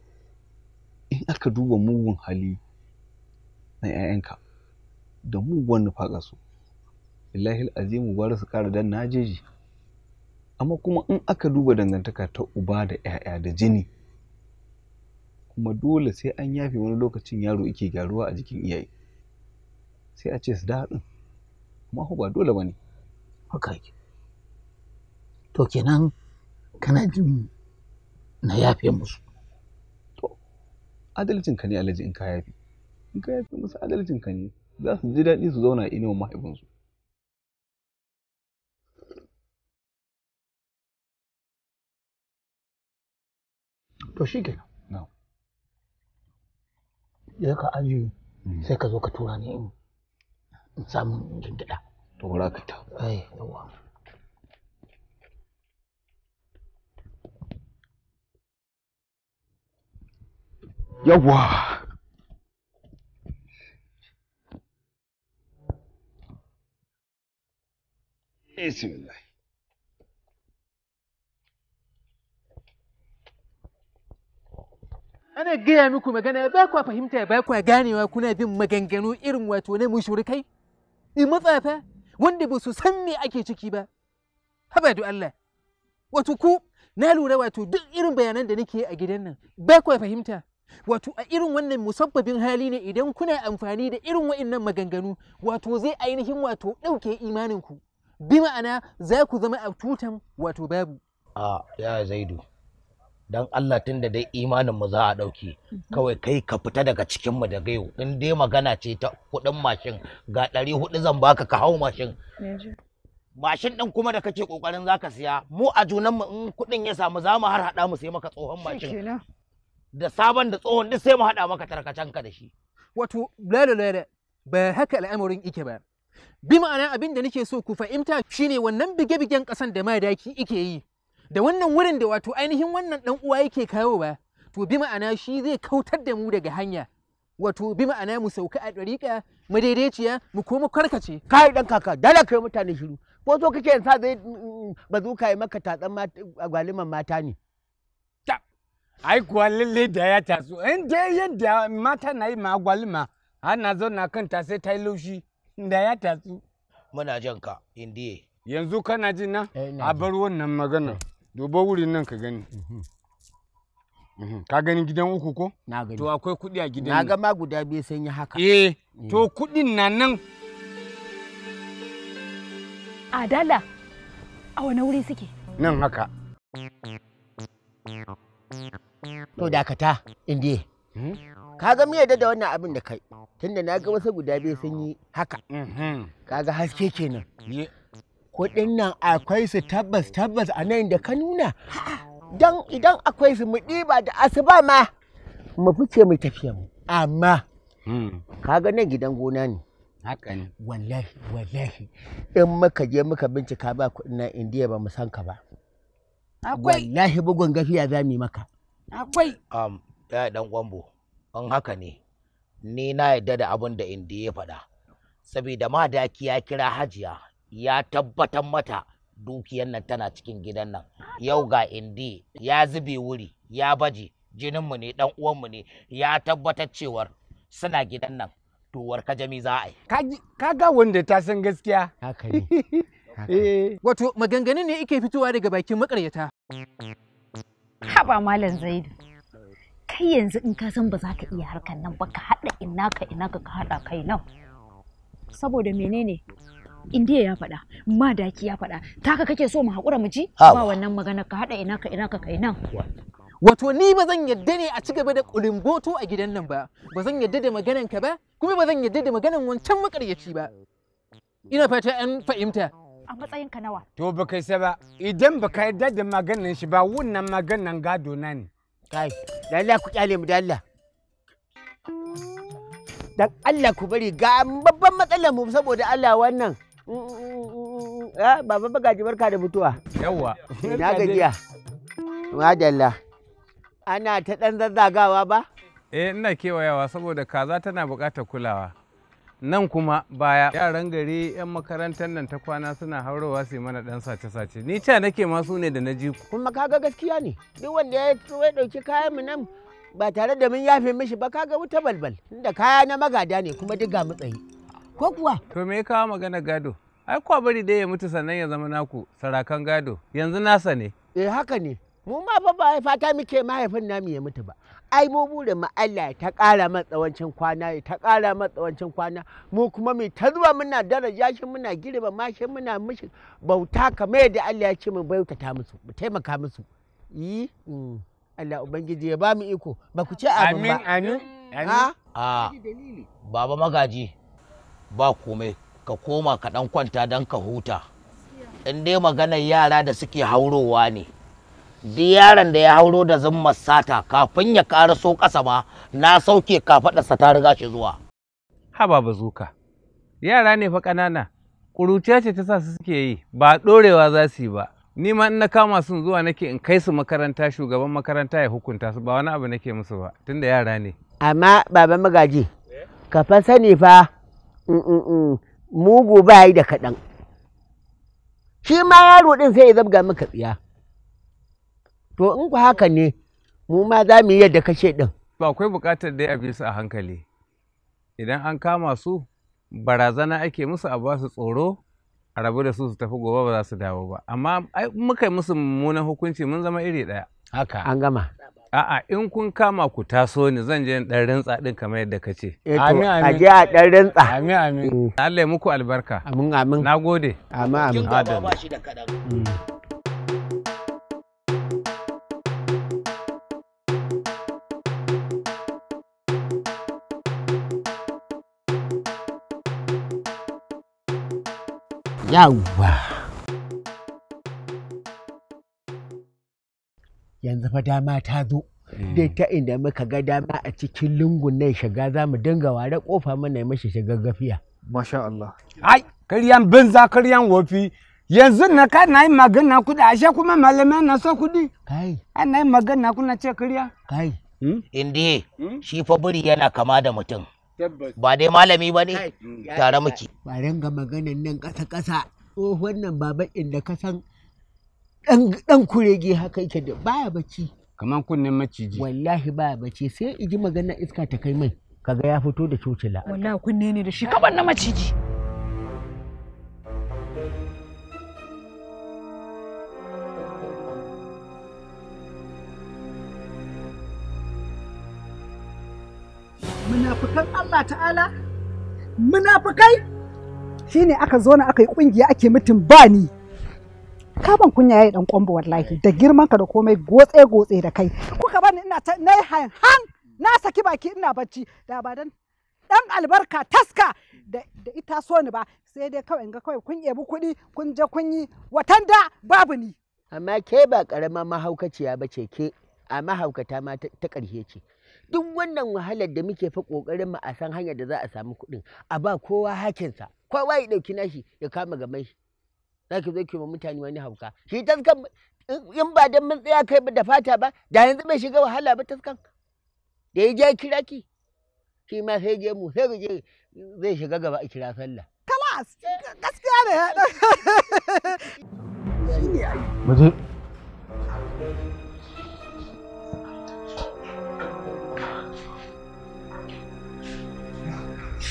S5: in aka duba mugun hali na ‘ya'yanka da muguwan nufaƙa su azimu gwara su kara dan najeji amma kuma in aka duba dangantaka ta uba da 'ya'ya da jini kuma dole sai an yafe wani lokacin yaro yake gyaruwa a jikin iyaye sai a ce su daɗin amma ba dole ba ne haka to
S3: kenan kana jin na yafe musu
S5: to adalcin ka ne alaji in ka yafe in ka yafe musu adalcin ka ne za su ji daɗi su zauna a
S2: inuwar mahaifinsu to shi ke ya ka aji mm. sai ka zo ka tura ni in
S3: samun jindaɗa to wura ka ta ai eh, yawa
S2: yawa
S5: Bismillah.
S8: Ana gaya muku magana ba kwa fahimta ba kwa ganewa kuna bin maganganu irin wato na mushrikai, in matsafa wanda ba su san me ake ciki ba. Haba da Allah, wato ku na lura wato duk irin bayanan da nake a gidan nan ba kwa fahimta. Wato a irin wannan musabbabin hali ne idan kuna amfani da irin waannan maganganu wato zai ainihin wato ɗauke imanin ku. bi ma'ana za ku zama a tutan wato babu
S3: a ya zaidu don Allah tun da dai imanin mu za a ɗauki kawai kai ka fita daga cikin mu da gayo in dai magana ce ta kudin mashin ga ɗari hudu zan baka ka hau mashin mashin ɗin kuma da kake kokarin zaka siya mu a junan mu in kuɗin ya samu za mu har hada mu sai maka tsohon mashin da sabon da tsohon duk sai mu hada maka ka da shi
S8: wato lele ba haka al'amarin ike ba bi ma'ana abin da nake so ku fahimta shine wannan bige-bigen kasan da madaki ike yi da wannan wurin da wato ainihin wannan ɗan uwa yake kawo ba to bi ma'ana shi zai kautar da mu daga hanya wato bi ma'ana mu sauka a ɗariƙa daidaiciya mu koma karkace kai ɗan kaka dala kai mutane shiru ko so kake sa zai mm, mm, bazuka yi maka tatsan
S3: gwaliman mata ne ai kuwa lalle da ya taso in dai yadda mata na yi ma gwalima ana zauna kanta sai ta yi laushi da ya tatsu muna jan ka indiye yanzu kana jin na eh, a bar wannan magana duba wurin nan ka gani mhm. Mhm. ka gani gidan uku ko na gani to akwai kuɗi a gidan na ga ma guda biyu sun yi haka eh, eh. to kuɗin na nan
S2: adala a wani wuri suke nan haka to dakata
S3: indiye hmm? kaga mu yadda da wannan abin da kai tunda na ga wasu guda biyu sun yi haka mm-hmm. kaga haske kenan kuɗin nan akwai su tabbas tabbas a nan da ka nuna dan idan akwai su mu ɗiba da asuba ma mu fice mu tafiya mu amma hmm. kaga nan gidan gona ne haka ne wallahi wallahi in muka je muka bincika ba kuɗin nan indiya ba mu san ka ba akwai wallahi bugun gafiya za mu yi maka akwai um ya
S5: dan kwambo
S3: in haka ne ni na yadda da abin da indi ya faɗa saboda madaki ya kira hajiya ya tabbatar mata dukiyar nan tana cikin gidan nan yau ga indi ya zube wuri ya baje jininmu ne dan uwanmu ne ya tabbatar cewar suna gidan nan tuwar kajami za a
S8: yi kaga wanda ta san gaskiya haka ne (laughs) eh. wato maganganun ne yake fitowa daga bakin
S1: makaryata haba malam zaidu kai yanzu in ka san ba za ka iya harkar nan ba ka haɗa ina ka ina ka ka haɗa kai nan saboda menene indiya ya faɗa daki ya faɗa taka kake so mu haƙura mu ji ba wannan magana ka haɗa ina ka ina ka kai nan wato ni ba zan yadda ne a ci gaba da ƙulimboto
S8: a gidan nan ba ba zan yadda da maganan ka ba kuma ba zan yadda da maganan wancan makaryaci ba ina fata an fahimta
S1: a matsayin ka nawa
S3: to ba kai ba idan ba ka yarda da maganan shi ba wannan maganan gado na ne Kai, lalla ku kyale mu Allah Dan Allah ku bari ga babban matsalar mu saboda Allah wannan. Eh, baba ji barka da mutuwa. yawa Na gajiya. Madalla. Ana ta dan zazzagawa ba?
S4: Eh, ina kewayawa saboda kaza tana buƙatar kulawa. nan kuma baya yaran gari 'yan makarantar nan ta kwana suna haurowa su mana dan sace-sace ni ca nake ma su ne da na ji ku kuma kaga gaskiya ne duk wanda ya ya dauki kayan mu nan ba tare da mun yafe
S3: mishi ba kaga wuta balbal Da kaya na magada ne kuma duk ga mutsayi
S4: ko kuwa to me ya kawo magana gado ai kwa bari dai ya mutu sannan ya zama naku sarakan gado yanzu nasa ne eh haka ne
S3: mu ma fa ba fata muke mahaifin namu ya mutu ba ai mu bude mu Allah ta ƙara matsawancin kwana ya ta ƙara matsawancin kwana mu kuma mai ta zuwa muna daraja shi muna girba mashin muna mishi bauta kamar yadda Allah ya ce mu ta musu mu taimaka musu yi mm, Allah ubangiji ya ba mu iko ba ku ce abin ba amin amin a baba magaji ba komai ka koma ka dan kwanta dan ka huta in dai maganar yara da suke haurowa ne duk yaron da ya hauro da zummar sata kafin ya karaso ƙasa ba na sauke kafaɗarsa ta riga shi zuwa.
S4: Haba bazuka, yara ne fa ƙanana, ƙuruciya ce ta sa su suke yi ba ɗorewa za su yi ba. Ni ma in na kama sun zuwa nake in kai su makaranta shugaban makaranta ya hukunta su ba wani abu nake musu ba tunda yara ne.
S3: Amma baban magaji, ka fa sani fa mugu ba yi da kaɗan. Shi ma yaro ɗin sai ya zabga maka tsiya. to in ku haka ne mu ma za mu yi yadda kashe ɗin.
S4: Ba akwai buƙatar dai a bi su a hankali idan an kama su barazana ake musu a ba su tsoro a rabu da su su tafi gobe ba za su dawo ba amma ai muka yi musu mummunan hukunci mun zama iri ɗaya haka an gama a'a in kun kama ku taso ni zan je dan rintsa din kamar yadda ka ce eh amin amin a je a dan rintsa amin amin Allah ya muku albarka amin amin nagode amin amin ba shi da mm.
S3: yawa yanzu fa dama ta zo eh. dai ta inda muka ga dama a cikin lungun nan shiga za mu dinga ware kofa mana mashi shiga gafiya masha Allah ai karyan karyan wofi yanzu na ka na yi magana kuɗi ashe kuma malamai na so kuɗi kai ai na yi magana kuna ce karya kai hmm? indi hmm? shi fa buri yana kama da mutum ba dai malami ba ne tare muke ba ranga maganan nan ƙasa ƙasa tsohon nan baban inda ka san dan kurege haka yake da baya bacci kamar kunnen maciji wallahi baya bacci sai iji magana iska ta kai mai kaga ya fito da cocila
S2: wallahi kunne ne da shi kaban na maciji munafukan Allah ta'ala munafukai shine aka zo na aka yi kungiya ake mutum ba ni kaban kunya yayi dan kwambo wallahi da girman ka da komai gotse gotse da kai kuka bani ina ta nayi han na saki baki ina bacci da ba dan dan albarka taska da ita so ni ba sai dai kawai ga kawai kun ebi kuɗi kun je kun yi watan da babu ni amma ke
S3: ba karama mahaukaciya ba ce ke a mahaukata ma ta ƙarshe ce duk wannan wahalar da muke fa kokarin mu a san hanyar da za a samu kuɗin a ba kowa hakinsa kowa ya ɗauki nashi ya kama gaban shi za ki zo ki ma mutane wani hauka shi taskan in ba dan mun tsaya kai da fata ba da yanzu bai shiga wahala ba taskan da ya je kira ki shi ma sai je mu sai je zai shiga gaba a kira sallah kalas
S2: gaskiya ne mu
S7: je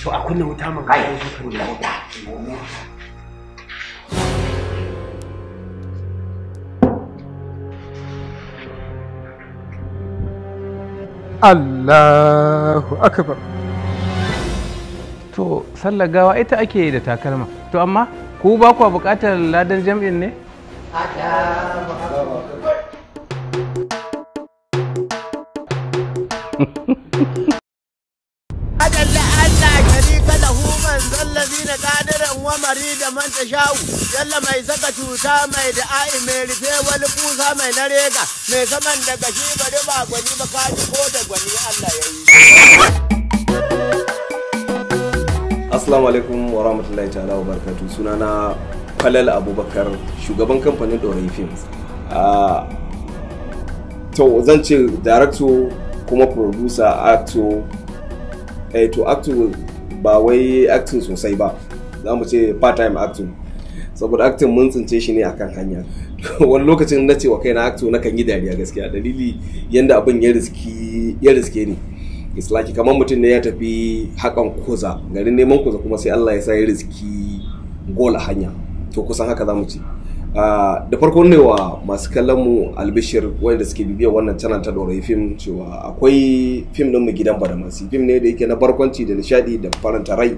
S3: to a kunna wuta man kai kunna wuta
S4: Allahu akbar to sallar gawa ita ake da takalma to amma ku ba ku buƙatar ladan jam'in ne Thank
S2: you. (laughs)
S3: na qadiran wa da man shawu yalla mai saka cuta mai da ai, mai rufe wani kusa mai na rega mai saman da gashi bari ba gwani ba kaji ko da gwani Allah
S5: yayi Assalamu alaikum wa rahmatullahi ta'ala wa barakatuh sunana Falal Abubakar shugaban kamfanin Dorai Films ah, to zan ce director kuma producer actor eh to actor ba wai acting sosai ba za mu ce part time acting saboda acting mun tsince shi ne akan hanya (laughs) wani lokacin na ce wa kai na acting na kan yi dariya gaskiya dalili yanda abin ya riski ya riske ni islaki kamar mutum ne ya tafi hakan koza garin neman koza kuma sai Allah ya sa ya riski gola hanya to kusan haka za mu ce Ah, da farko ne wa masu kallon mu albishir wanda suke bibiya wannan channel ta dorai fim cewa akwai fim din mu gidan badamasi fim ne da yake na barkwanci da nishadi da faranta rai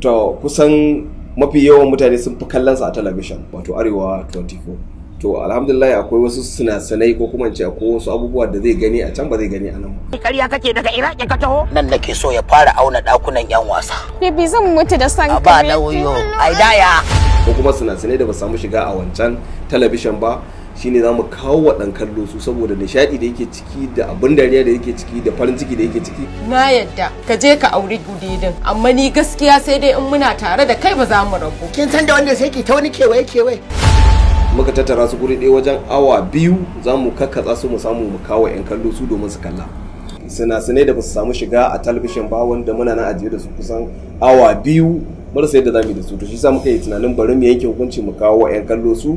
S5: to kusan mafi yawan mutane sun fi kallon sa a talabishin wato arewa 24 to alhamdulillah akwai wasu sanai, ko kuma ce akwai wasu abubuwa da zai gani a can ba zai gani a nan
S1: ba kariya kake daga iraki ka taho
S5: nan nake so ya fara auna dakunan yan wasa
S1: bibi zan mutu da san ba
S5: da wuyo ai daya kuma suna sinasinai da ba samu shiga a wancan talabishin ba shine za mu kawo wa ɗan kallo su saboda nishaɗi da yake ciki da abin dariya da yake ciki da farin ciki da yake ciki.
S6: Na yadda ka je ka auri gudidin amma ni gaskiya sai dai in muna tare da kai ba za
S3: mu rabu. Kin san da wanda sai ki ta wani kewaye kewaye.
S5: Muka tattara su guri ɗaya wajen awa biyu za mu kakkatsa su mu samu mu kawo 'yan kallo su domin su kalla. sinasinai da ba su samu shiga a talabishin ba wanda muna na ajiye da su kusan awa biyu marasa yadda za mu yi da su to shi sa muka yi tunanin bari mu yanke hukunci mu kawo 'yan kallo su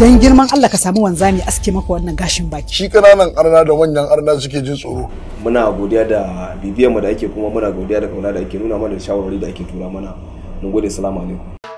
S2: dan girman Allah ka samu wanzami aske maka wannan gashin baki
S5: shi kananan arna da manyan arna suke jin tsoro muna godiya da bibiyar da ake kuma muna godiya da kauna da ake nuna mana da shawarwari da ake tura mana mun gode salamu alaikum